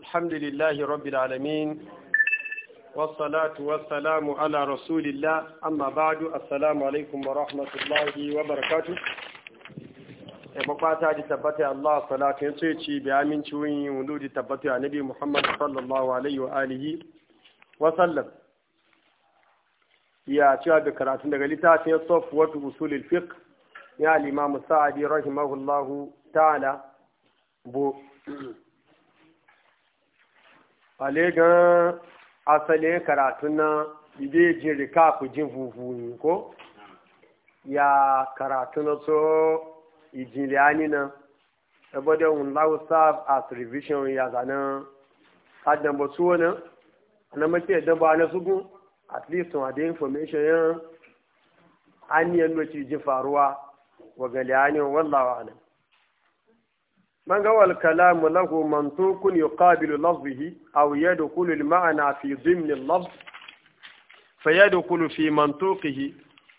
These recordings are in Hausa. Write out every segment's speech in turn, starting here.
الحمد لله رب العالمين والصلاة والسلام على رسول الله أما بعد السلام عليكم ورحمة الله وبركاته da tabbata Allah salatu ya ce ci bi amincin yin wuludi tabbata annabi Muhammad sallallahu alaihi wa alihi wa sallam ya cewa da karatun daga littafin safwatu usulul fiqh ya al-imam Sa'di rahimahullahu ta'ala alega gan asalin karatun na ide jin ku jin vuvu ko ya karatuna na so ijinle ani na saboda un lawo serve as revision ya zana kadan bo suwo na na mace da ba na sugu at least on the information ya an yi yanzu ji faruwa wa galiani wallahu alam من هو الكلام له منطوق يقابل لفظه أو يدخل المعنى في ضمن اللفظ فيدخل في منطوقه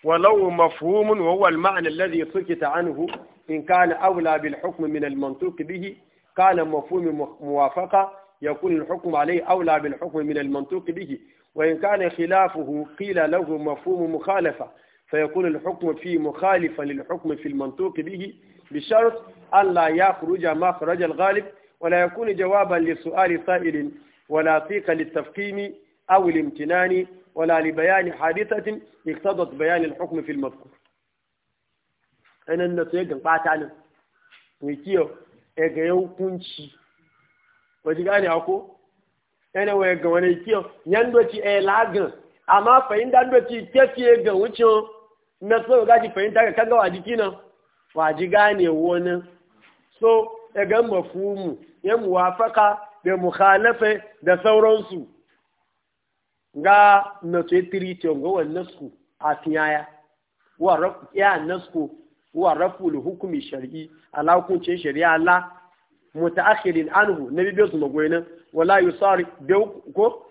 ولو مفهوم وهو المعنى الذي سكت عنه إن كان أولى بالحكم من المنطوق به كان مفهوم موافقة يكون الحكم عليه أولى بالحكم من المنطوق به وإن كان خلافه قيل له مفهوم مخالفة فيكون الحكم فيه مخالفا للحكم في المنطوق به بشرط ألا يخرج ما خرج الغالب ولا يكون جوابا لسؤال سائل ولا طيق للتفقيم أو الامتنان ولا لبيان حادثة اقتضت بيان الحكم في المذكور أنا النتيجة بعت عنه ويكيو إيجا يوكونشي وجيغاني أكو أنا ويجا ونيكيو يندوتي إيلاغن أما فإن دانوتي كيكي إيجا وشو نصر غادي فإن تاكا كاكا وادي كينا waji gane wani so daga mafumu ya muwafaka da mukhalafe da sauransu ga na tsoye ga wannan su a tiyaya ya nasku wa raful hukumi shar'i ala ce shari'a la mutaakhirin anhu nabi biyo su magoyina wala yusari ko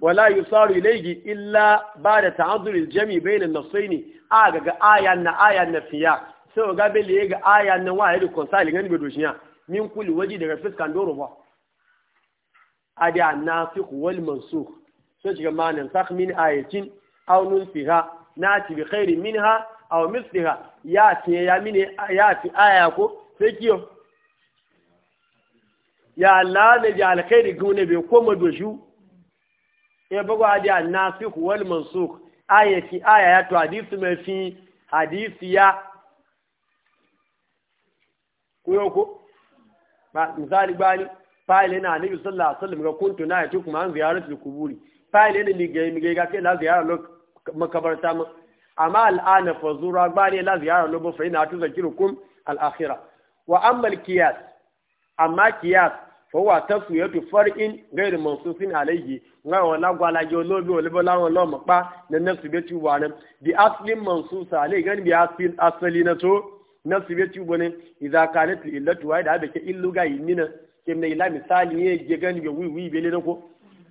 wala yusari ilayhi illa ba da ta'adhuril jami bayna an-nasayni aga ga ayan na ayan na fiya sai ga le ga aya nan wa yadda konsali gani bedo shi ya min kuli waji daga fiskan doro ba na annafiq wal mansukh Sun shiga manin sak min ayatin aw fiha. nati bi khairin minha aw misliha ya ti ya mine ya ti aya ko sai kiyo ya Allah da ji alkhairi gune bai koma doshu e ya da na annafiq wal mansukh ayati aya ya to hadisi mai fi hadisi ya ko ba misali bani fa'ile na annabi sallallahu alaihi wasallam ga kuntu na yati kuma an ziyaratul kuburi fa'ile ne ga mi ga kai la ziyara lo makabarta mu amma al'ana fa zura bani la ziyara lo ba fa ina zakirukum al akhirah wa amma al qiyas amma qiyas fa huwa taswiyatu far'in ghayr mansusin alayhi nga wala gwala jo lo bi wala la lo ma pa na nafsi bi ti wa ne bi aslin mansus alayhi gan bi aslin asli na to nafsu su ci bone idza kanat illatu wa da ke illu ga yinina ke ne ila misali ye ge gan ge wi wi bele ko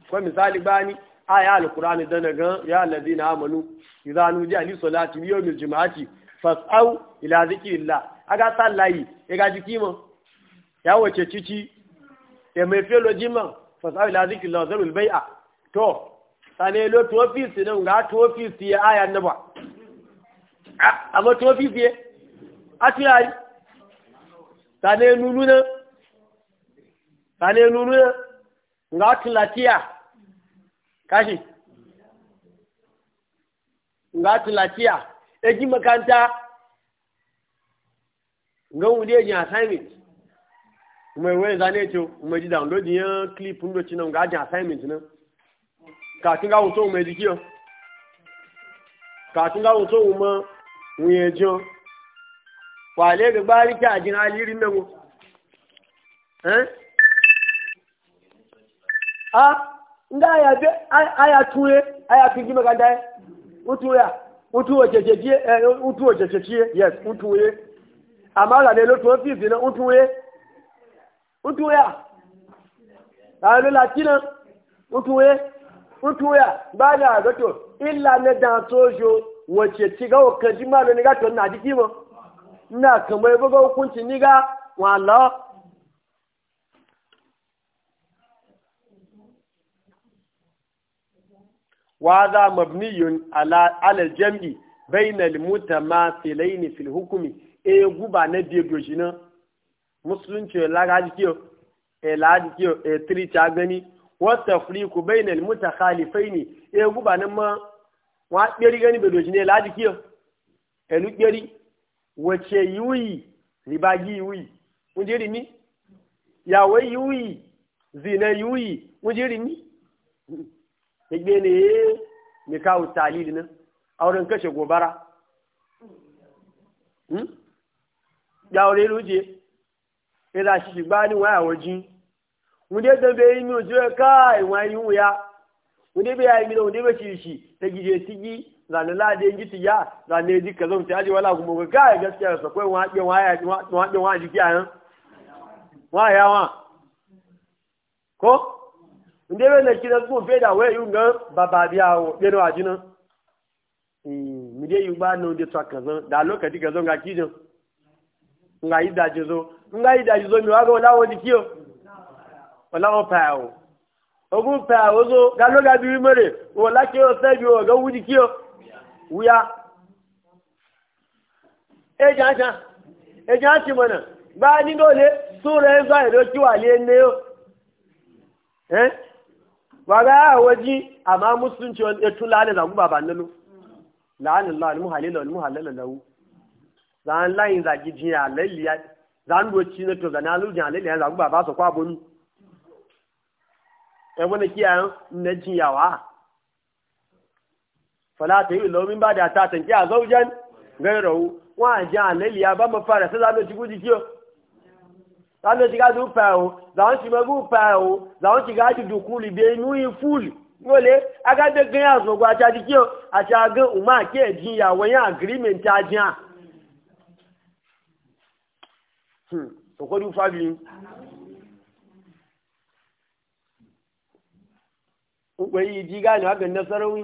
ko misali bani aya alqur'ani dan ga ya allazina amanu idza ji ali salati yawmil jumu'ati fas'au ila zikrillah aga sallayi e ga jikimo ya wace cici e mai felo ma fas'au ila zikrillah zarul bai'a to sane lo to office nan ga to office ya aya a ma to office àti àyí tàní ẹnulú náà tàní ẹnulú náà nga ti latia kashi nga ti latia eji makanta nga wuli eji assignment mai wani zane ce mai ji downloading ya clip ndo ci nan ga ajin assignment nan kafin ga wuto mai jikiyo kafin ga wuto mai wuyen jiyo wale ga bari ki ajin alirin nan eh a nga ya be aya tuye aya kiji maganda utuya utuwa jejejie eh utuwa yes utuye amala le lo to office na utuye utuya alu latina utuye utuya bada gato illa na dan sojo wace ci ga kaji malo ni gato na dikimo ina kamar buga hukunci ni ga wala waza mabniyun ala alal jam'i bainal mutamathilaini fil hukmi e guba na biye dojina musulunci lagaji kiyo e lagaji kiyo e tri cha gani wa tafriqu bainal mutakhalifaini e guba na ma wa beri gani be dojina lagaji kiyo e lu beri wace yiwuyi riba gi yiwuyi kun ni rimi yawo yiwuyi zina yiwuyi kun ji ni igbe ne ye ne kawo talili nan auren kashe gobara hmm? yawo ne luje ila shi shigba ni waya waji mun dai dambe yi mi ojo ka iwa yiwu ya mun dai bai yi mi na mun dai bai shi shi ta gije sigi zane ladin giti ya zane ji ka zaunce aji wala kuma ga kai gaskiya sa kai waƙe waya waƙe wa jiki ayan waya wa ko inde be ne kina ku fe da we yu ngan baba biya o de no ajina eh mi de ba no de twa kan da lokaci ga zo ga kijin nga yi da zo nga yi da zo mi wa ga wala wo dikiyo wala wo pa o ogun pa o zo ga lo ga bi mere wala ke o se bi o ga wu dikiyo wuya eji acha eji achi mana gba ni dole sura yanzu a yado kiwa le ne yo eh waga e ya waji amma musulunci wani ya tula da zagu baba nanu la'anin la'al muhalila wal muhalala lahu zan layin zagi jiya lalliya zan doci na to zana lu jiya lalliya zagu baba so na bonu e wani kiyayen na waa. fala ta yi lomin ba da ta tanki a zaujen gairawu wọn àjẹ́ àlẹ́lì abámọ́ fara sí lánà tí kú di kí o lánà tí ká tún pa ẹ̀hún làwọn ti mọ́gún pa ẹ̀hún làwọn ti ká ti dùnkú lìbẹ̀ inú yìí fúlù wọlé agágbégé àzọ̀gbọ̀ àti àti kí o àti agán òmà kí ẹ̀dín ìyàwó yẹn àgírímẹ̀ntì ajá fa fábí ń yi yí jí gáàní àgbẹ̀ nẹ́sẹ̀rẹ̀ wí.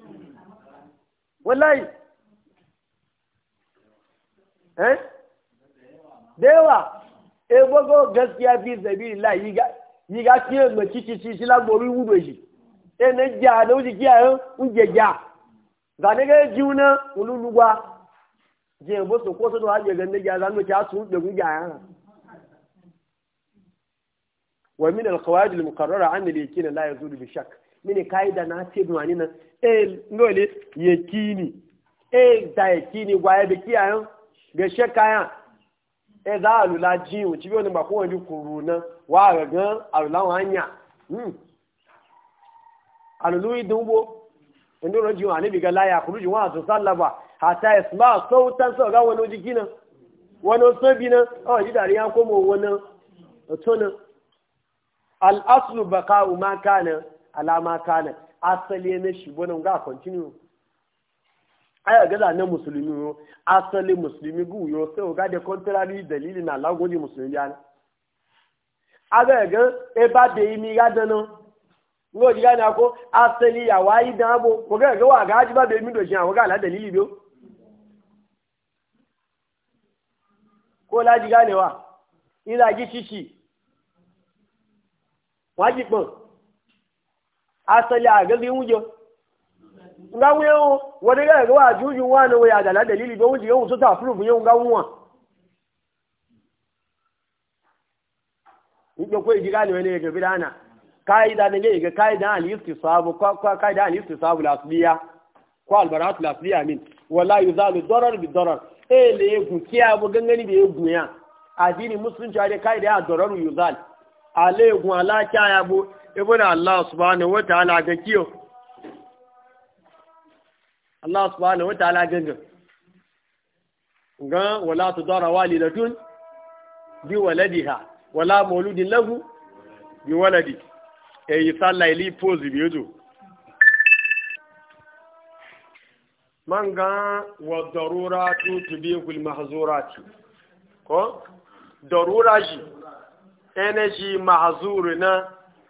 wallahi eh dewa e eh, gogo gaskiya fi zabi lahi yi ga fiye ma la cici ri wudo yi. e eh, na ja da wuce kiyaye eh, unje ja zane ga jiuna ululugwa je bo so ko so do haje ne ja zan ti asu su gu ja yana wa min al qawaid al muqarrara an li kin la yazulu bi shakk min kaida na ti duwani nan e ngole yekini e da yekini gwa ebe kiyan ga shekaya e za a lula jiwu ci biyu ni ba kowane kuru na wa a lula wanya a lulu idun bo inda ran jiwu a ga laya kuru jiwu a su sallaba hata ya sma sautan sau ga wani jiki nan wani sobi nan a oh, ji dariya koma wani tunan al'aslu baka umar kanan alama kanan asali ne shi wani ga continue aya gaza na musulmi yo asali musulmi gu yo sai ga da contrary dalili na lagoji musulmi ya aga ga e ba de mi ga dano ngo diga na ko asali ya wai da bo ko ga ga wa ga ji ba de mi do jan wa ga la dalili biyo ko la diga ne wa ila ji chichi wa ji pon asali a gazi wujo nga wuyo wani ga ga wa jujun wa na waya da dalili ba wujo yau su ta furu bu yau ga wuwa ni ko ji gani wani ga bidana da ne ga kaida al istisabu ko kaida al istisabu lasbiya ko al barat lasbiya min wala yuzalu darar bi darar eh le egun ki abu gangani bi egun ya addini musulunci a dai da ya dararu yuzal ala egun ala kya ya bu ibn Allah subhanahu wataala ga kiyo Allah subhanahu wataala ganga ga wala tudara walidatun bi waladiha wala mauludin lahu bi waladi e yi salla ili pose bi yojo man ga wa daruratu tubihul mahzurati ko darura shi energy mahzuru na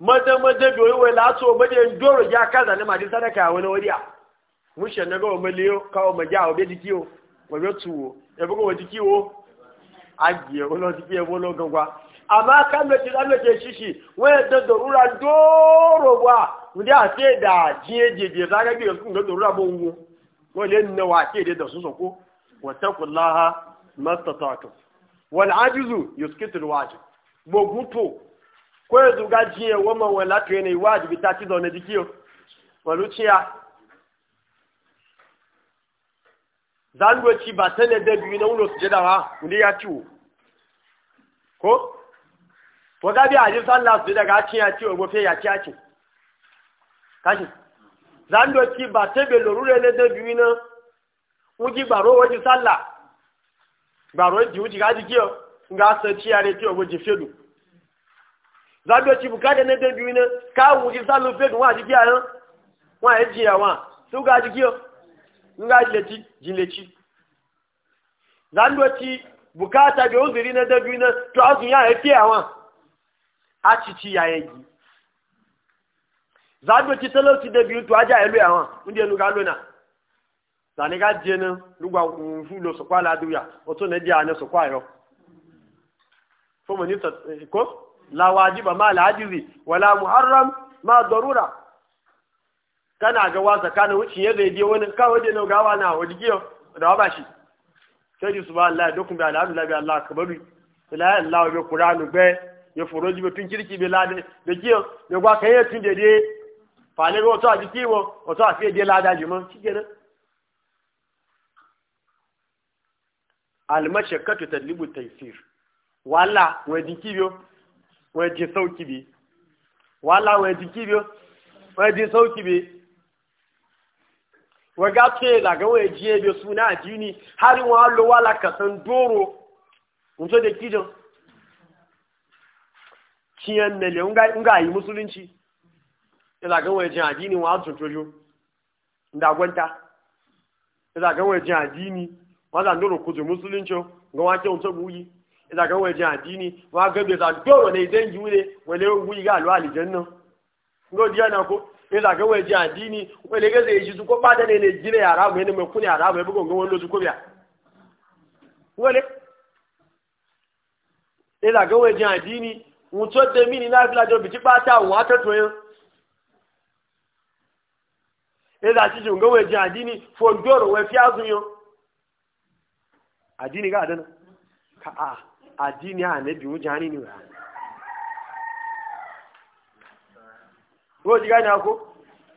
madan madan bi wai laso madan doro ya kaza ne madi sadaka wani wadiya mushe na gawo maliyo kawo maja obe dikiyo obe tuwo e bugo wa dikiyo agiye wala dikiyo bolo gangwa amma kan da ti zalla ke shishi wai da dorura doro wa mudi a sai da jiye zaga da su soko ajizu ko yanzu ga jiye wama wala to ne wajibi ta ci zaune jikiyo waluciya zangoci ba ta ne da biyu na wulo da jadawa wani ya ciwo ko to ga bi ajin sallah su daga cin ya ciwo gofe ya ci ake kashi zangoci ba ta be lorure ne da biyu na wuji gbaro waji sallah gbaro ji wuji ga jikiyo ga sa ciyare ciwo goji fedu zabe ci bukata na dabi wina ka wuji salu fe wa ji kiya yan ya ga nga jileti jileci zando ci bukata be uzuri na dabi ya a ci ci ya yi zando ci talauci da biyu to aja elu yawa inda elu ga lona zani ga je ne kwa la duya la wajiba ma ajizi wala muharram ma darura kana ga wa tsakanin wucin ya zai je wani kawai na gawa na wani giyo da ba shi sai ji subhanallah dokun bi alhamdulillah bi allah kabaru ila allah bi qur'anu be ya furoji bi tun kirki bi lade da giyo da gwa kan ya tun dede fa ne to a jiki wo to a fiye de lada jima shikenan al mashakkatu tadlibu taysir wala wadi kiyo wọ́n ti sọ́ọ̀kì bi wàhálà wọ́n ti kí bi wọ́n ti sọ́ọ̀kì bi wọ́n tó yẹ làgẹ́ wọ́n ti yẹ náà jí ni hali wọ́n lọ wà lá dóró nso de kí jọ tiẹ̀ mẹlẹ̀ ńgá yìí mùsùlùmí yẹ làgẹ́ àjí ni wọ́n á tún tójú ńdàgbọ́ntà àjí wọ́n ìdàgbà wọn jẹ àdínì wọn agbẹ́gbẹ́ sàdúrò ní ìdẹ́ ìjúwé wọlé wú ìgbà àlọ́ àlìjẹ́ náà ngó díẹ̀ náà kó ìdàgbà wọn jẹ àdínì wọn lè gẹ́sẹ̀ èyí tó kó pàdé ní nàìjíríà yàrá wọn ẹni mẹ́kún ní yàrá wọn ẹbí gbọ́n lóṣù kó bíà wọlé ìdàgbà wọn jẹ àdínì wọn tó addini ànẹ́bì ó biyu nínú ne Wọ́n jiga ne ko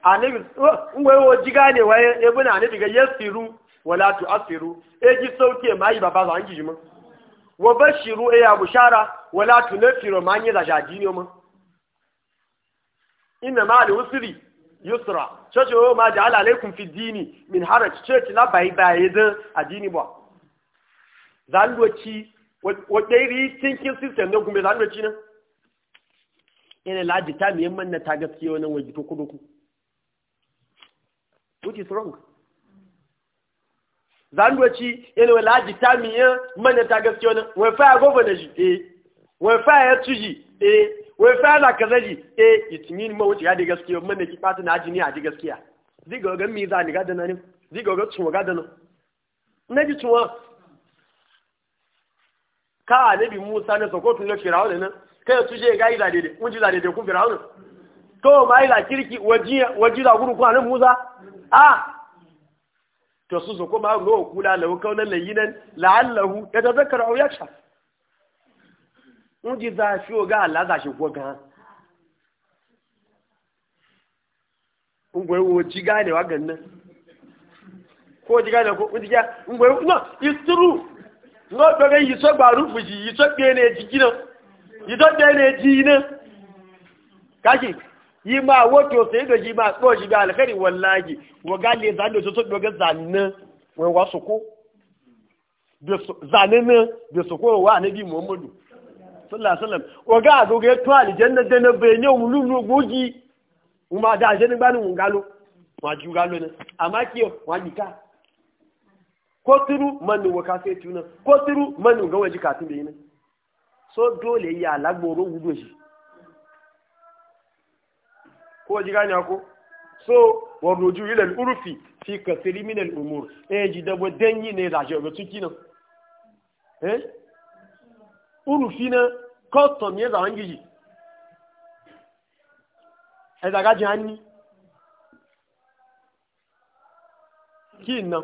anabi ngwe wo wọ́n ne wa ebu na anabi ga yasiru wala tu asiru eji sauke mai baba za an jijima wa bashiru ya bushara wala tu nafiru ma wọ́n da jadini mu inna ma yusra chacho o ma ja'ala fi dini min haraj chacho la bai wata iri thinking system na gumbe zanen ci nan yana lajita ta yamman na ta gaske wannan waje to kudu ku which is wrong zanen ci yana lajita mai yamman na ta gaske wannan wai faya gwamna shi eh wai faya ya ci shi eh wai faya na kaza shi eh itimin ma wuce ya da gaske man Manna ki fata na ajini a ji gaskiya zai ga ga mi zani gadana ne zai ga ga tsuwa gadana na ji tsuwa ka anabi musa na sokotun na firawun nan kai su je ga ila dede mun ji la dede ku firawun to ma ila kirki waji waji la guru kun anabi musa a to su zo kuma ro kula la kaunan layinan la'allahu tazakkara aw yaksha mun ji za shi ga Allah za shi ko ga ungwe wo ji wa ganna ko ji ne ko mun ji ya ungwe no it's true ngo doga yi so ba rufu ji yi so be ne ji kaji yi ma woto sai da ji ma so ji ga alkhairi wallahi wa gale zan da so doga zanna wa wasu ko zanen nan da su wa anabi muhammadu sallallahu alaihi wasallam oga agogo ya tuwa lulu bani mun galo galo ne ko turu manu wa ka sai tuna ko turu manu ga waje katin da yi so dole ya lagboro gudu shi ko ji gani ko so wa ruju ila al-urfi fi kathiri min al-umur eh ji da bodan yi ne da shi ga ciki nan eh urfi na custom ya zaman giji e ai daga jihani kin nan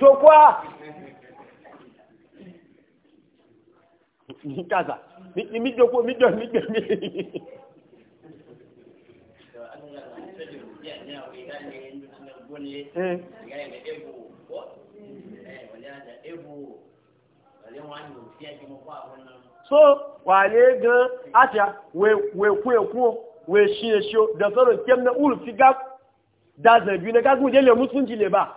to kuwa kaza mijo ko mijo mijo eh. so wale gan acha we we ku we shi da kem na ul da na je le le ba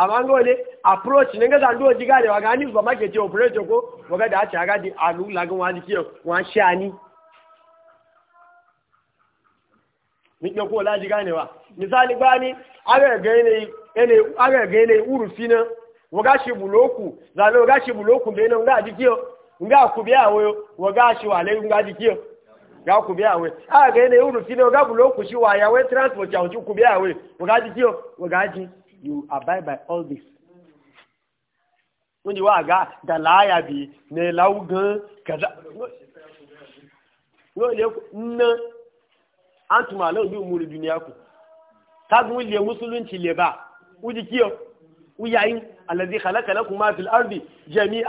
amma ga wani approach ne ga zandu waje gane wa gani ba ma ke ce operator ko waga da aci aga di alu lagun wa jiki wa shani ni ke ko laji ne wa misali bani aga ga ne ene aga ga ne urufi na waga shi buloku zalo waga shi buloku be nan ga jiki nga ku biya wo waga shi wa le ga jiki ga ku biya we aga ga ne urufi na waga buloku shi wa ya we transport ya ku biya we waga jiki waga jiki you abide by all this wọ́n ti wá àga dàláyà bí níláwó gan kàdá wọ́n lè ná àtúmọ̀ àlọ́ ìlú ìmúlò dùnìyà kù tágùn ilé mùsùlùmí lè bá wọ́n ti kí ọ wọ́n yà jami'a alẹ́dí kàlákàlá kùn máa fi árùbí jẹ̀mí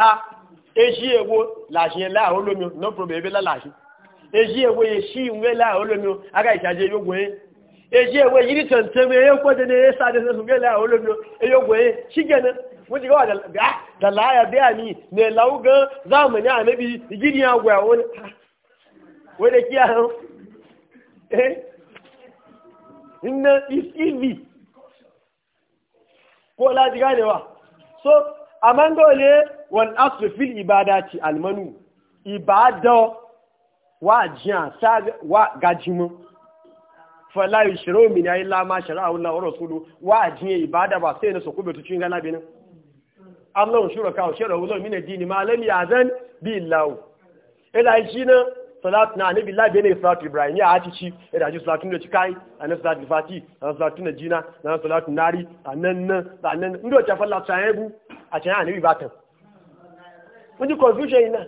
no problem ebe láàṣẹ èṣí èwo èṣí ìwé láàrú lómi agá ìṣàjẹ yóò gbọ́n yẹn. eji ewe yiri tantame ya kwada ne ya sa da sun gala a wurin no ya goye shi kenan wuce gawa da ga da laya biya ni ne lauga zamani a nabi gidi ya goya wani wani kiya han eh inna is ko la diga ne wa so amman dole wal aslu fil ibadati almanu ibada wa jiya, sa wa gajimu fala yushru min ya illa ma shara'a Allah wa rasulu wa ajiye ibada ba sai na su kube tucin gana binin Allah shuraka wa shara'a Allah min ad-din ma lam ya'zan bi Allah ila shi na salatu na annabi Allah bene salatu Ibrahim ya aci ci ila ji salatu da cikai ana salatu fati ana salatu na jina anan salatu nari anan nan anan ndo ta falla ta yabu a cikin annabi batan Wani ji confusion ina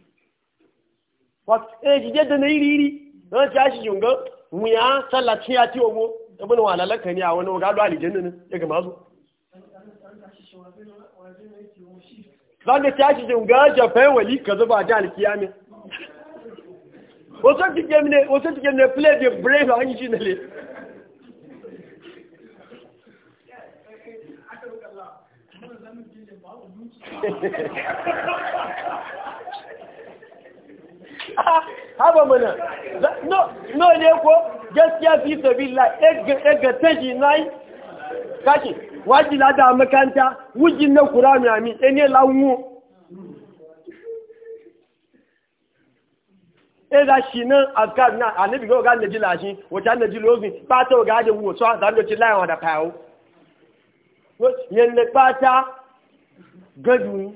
wato eh jide da na iri iri don ta shi junga mu ya sallaci ya ci ogo ibn walalaka ne a wani gado aljanna ne ya gama su zaka ta shi junga jafe wali ka zuba da alkiyami ne wasu tike ne play the brave an shi ne le haba mana no ne ko gaskiya fi sabila ga taji nai kashi waji na da makanta wujin na kura miami ene lanwu eda shi na azkar na anibi ga oga naji lashi wata naji lozin pata oga aje wuwo so da ndoci layan wada kawo yen le pata gaju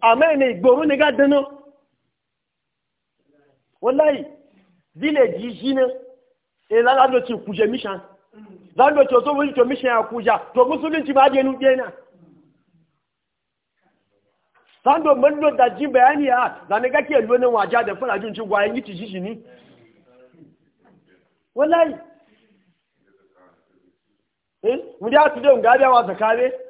amma ne igbohun ne ga dano wallahi village shi ne e za a doce kuje mishan za a doce so wuce mishan ya ku ja? to musulunci ba je nuke na sando do da ji bayani ya ne zane kake lonin waja da fara jin cin gwayen yi tishi shi ni wallahi eh mu da tudo ga da wa zakare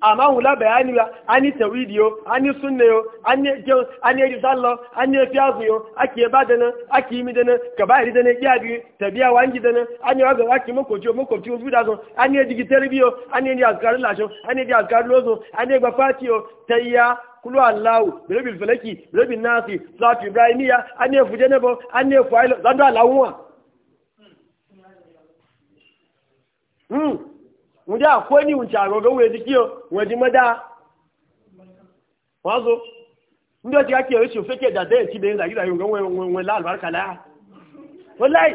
amma hula bayani ba an yi tawidi yo an yi sunna yo an yi jau an yi risallo an yi fiyazu yo ake ba da nan ake yi mi da nan ka ba iri da nan iya biyu tabiya wangi da nan an yi wagan ake makwabci makwabci wasu da zo an yi jigi tarbiyo an yi azkarin lasho an yi azkarin lozo an yi gbafati yo tayya kulu allahu birabil falaki birabil nasi zatu ibrahimiya an yi fuje nebo an yi fuhailo zadu alawuwa. Hmm. wọ́n jẹ́ àkóní ìwùn ṣàrọ̀gọ́ wọ́n ti kí o wọ́n di mọ́dá wọ́n so ní ọjọ́ kí o ṣe òfẹ́kẹ́ ìdàdẹ́ ìtì yóò wọ́n wọ́n láàlùbáríkà láà wọ́n láì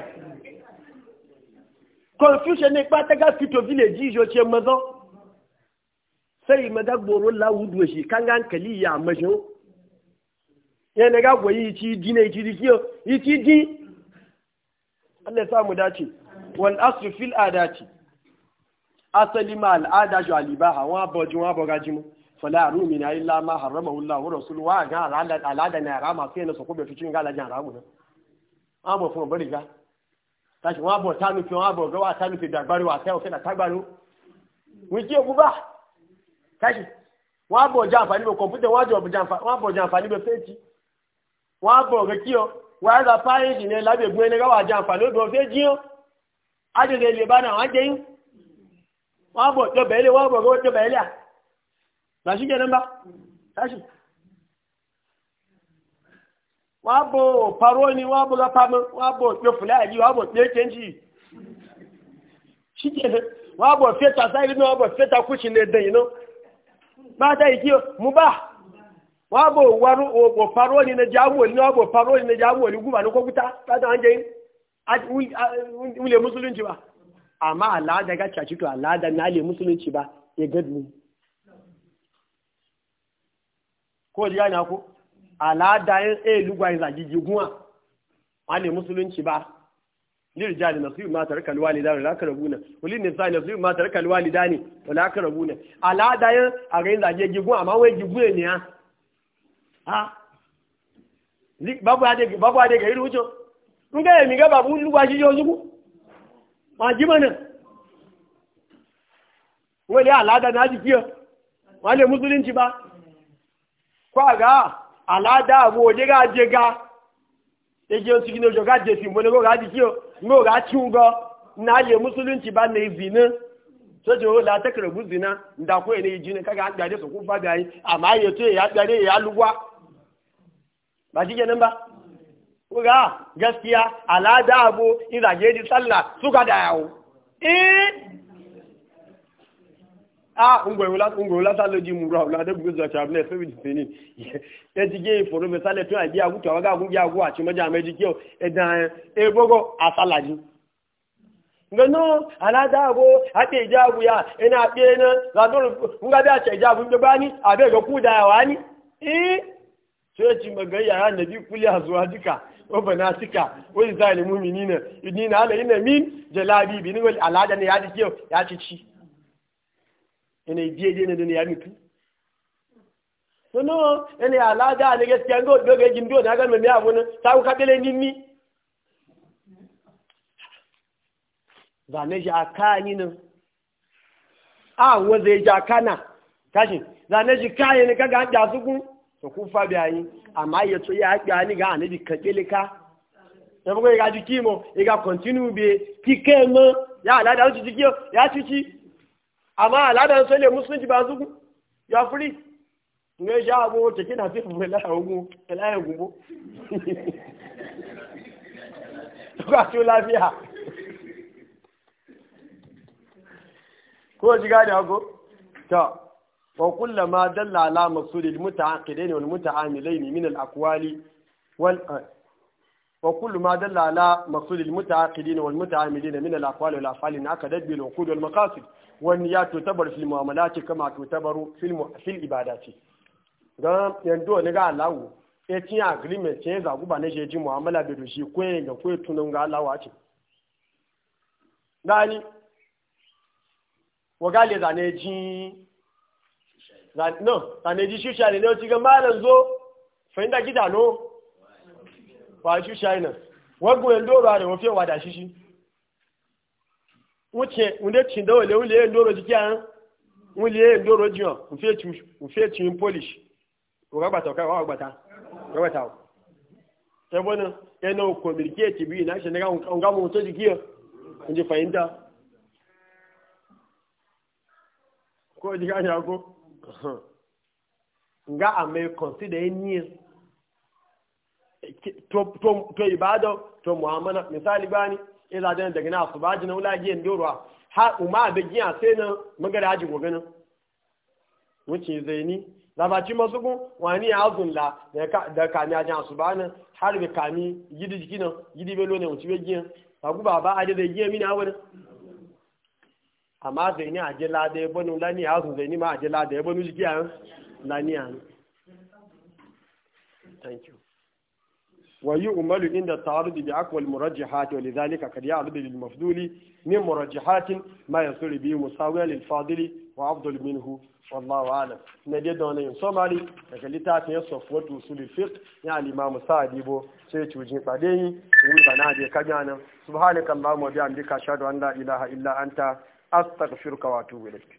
confusion ní ipá tẹ́gà fito village yìí ṣe mọ́tọ́ sẹ́yìn mọ́tọ́ gbòòrò láwùdù èṣì kángá ìyá ó yẹn ní ká wọ̀ yìí ti dín dín asali ma al'ada shi alibaha wọn abọjú wọn abọgají mu fọlá àrùmí ní ayélá máa harama wula wọn rọ̀sùn wọn àgán al'ada ní ara máa fẹ́ẹ̀nà sọ̀kọ́ bẹ̀ tuntun gálàjì àràmù náà wọn bọ̀ fún ọ̀bẹ̀rẹ̀ ga tàṣì wọn bọ̀ tánufi wọn bọ̀ gọ́wà tánufi dàgbárí wà tẹ́wọ̀ fẹ́ẹ̀nà tágbárí wọn kí ogun bá tàṣì wọn bọ̀ jẹ́ àǹfààní bẹ̀ kọ̀mpútà wọn bọ̀ jẹ́ àǹfààní bẹ̀ fẹ́ẹ̀tì wọn bọ̀ rẹ̀ kí ọ wọn yára páyéjì ní wọ́n bọ̀ jọ bẹ̀ẹ́lẹ̀ wọ́n bọ̀ jọ bẹ̀ẹ́lẹ̀ à làṣí jẹ́ nọ́mbà láṣì wọ́n bọ̀ parọ́ ni wọ́n bọ̀ lọ́pamọ́ wọ́n bọ̀ jọ fúláàjì wọ́n bọ̀ jẹ́ kẹ́ńtì ṣíjẹ́ wọ́n bọ̀ fẹ́ta sáyẹ́lì náà wọ́n bọ̀ fẹ́ta kùsì ní ẹ̀dẹ̀ yìí náà báta ìkí mú bá wọ́n bọ̀ wọ́rọ̀ bọ̀ parọ́ ni nàjà ni wọ́n bọ̀ ni ni amma da ga caci to Allah da le musulunci ba ya gadu ko ji yana ko da yin tsaye eh lugwayin zagigi guwa ma le musulunci ba lirja da nasiru ma tarka alwalida wala karabuna wali ne sai nasiru ma tarka alwalida ne wala karabuna da yin a ga yin zagigi guwa amma wai giguwe ne ha ha babu ade babu ade ga iru jo nga mi ga babu lugwa shi yo zuku ma ji mana wani alada na ji kiyo wani musulunci ba kwa ga alada abu oje ga je ga eje o gina ojo ga je fi mbole ga ji kiyo ngo ga ci ugo na ye musulunci ba na izini so ji la ta karbu zina nda ko ne ji ne kaga an gade so ku fa amma ye to ya gade ya lugwa ba ji kenan ba kuga gaskiya alada abu in zage ji sallah suka da yawo e! ah ungwe wala ungwe ji mu rawla da bugu za chabne fe bi sini e ti ge foro be sale to aji agu agu achi maja meji ki o e dan e ate ya ina e pe na za do nga da che ijabu be bani abe go ku da yawa ni eh ya wa banasika wa izalil mu'minina idina ala ina min jalabi bi ni wani alada ne ya ji kiyo ya ci ci ina yi je ne ya mutu sono yi alada ne gaskiya ngo doge jindo na ga me abu ne ta ku kabele ninni zane ji akani nan a wanzu ya ji na. tashi zane ji kayan ka ga jasu kun to kun fa biyayi amma ya to ya ga ni ga anabi kakelika ya bugo ga jiki mo ga continue be kike mo ya alada uci jiki ya cici amma alada so le musulunci ba zugu ya furi ne ja abu ta kina fi mu gubo lafiya ko jiga da to وكل ما دل على مقصود المتعاقدين والمتعاملين من الأقوال وال وكل ما دل على مقصود المتعاقدين والمتعاملين من الأقوال والأفعال انعقدت بالعقود والمقاصد والنيات تعتبر في المعاملات كما تعتبر في الم... في العبادات. don yanzu wani ga alawu ya ci agreement ya zagu ba na jeji mu'amala da doshi ko ya ga ko tunan ga alawa ce gani wa gale zane ji no tànàjí ṣíṣà lè lọ ti gan máa lọ zó fẹ́ndà gídà ló wà ṣíṣà iná wọ́n gún ẹ̀ndóòrò àrẹ̀ wọ́n fi wàdà ṣíṣí wọ́n dé tìndọ́ ilẹ̀ wọ́n lè ẹ̀ndóòrò jíkẹ́ àán wọ́n lè ẹ̀ndóòrò jìyàn wọ́n fi ètù in polish ọgbàgbàtà ọgbàgbàtà ọgbàgbàtà ẹgbọ́n ẹnà òkò mìrìkẹ́ẹ̀tì bí iná ṣẹ̀nẹ́gà ọ̀gáwọn tó jìkẹ́ ọ̀ fahimta o jìkà ní àkó nga ame consider enyi to to to ibado to muamana misali bani ila dan daga na su baji na ulaji en dorwa ha uma da giya sai na magara aji go ganin wuce zaini labaci masu gun wani ya azun la da kami ajin asu ba nan har bi kami gidi jiki nan gidi belo ne wuce be giyan ba guba ba a da mini awon àmá zai ni a ji lada ya banu lani ya ni ma a ji lada ya banu jiki thank you wayi umaru inda ta'arudi bi akwal murajjihati wa lidhalika kad ya'rudu lil mafduli min murajjihatin ma yasuru bi musawiyan lil fadili wa afdal minhu wallahu a'lam na dai da wannan somali daga littafin safwat usul fiqh ya al-imam sa'di bo sai cujin fadeni wuri bana da kagana subhanakallahumma wa bihamdika ashhadu an la ilaha illa anta astaghfiruka wa atubu ilaik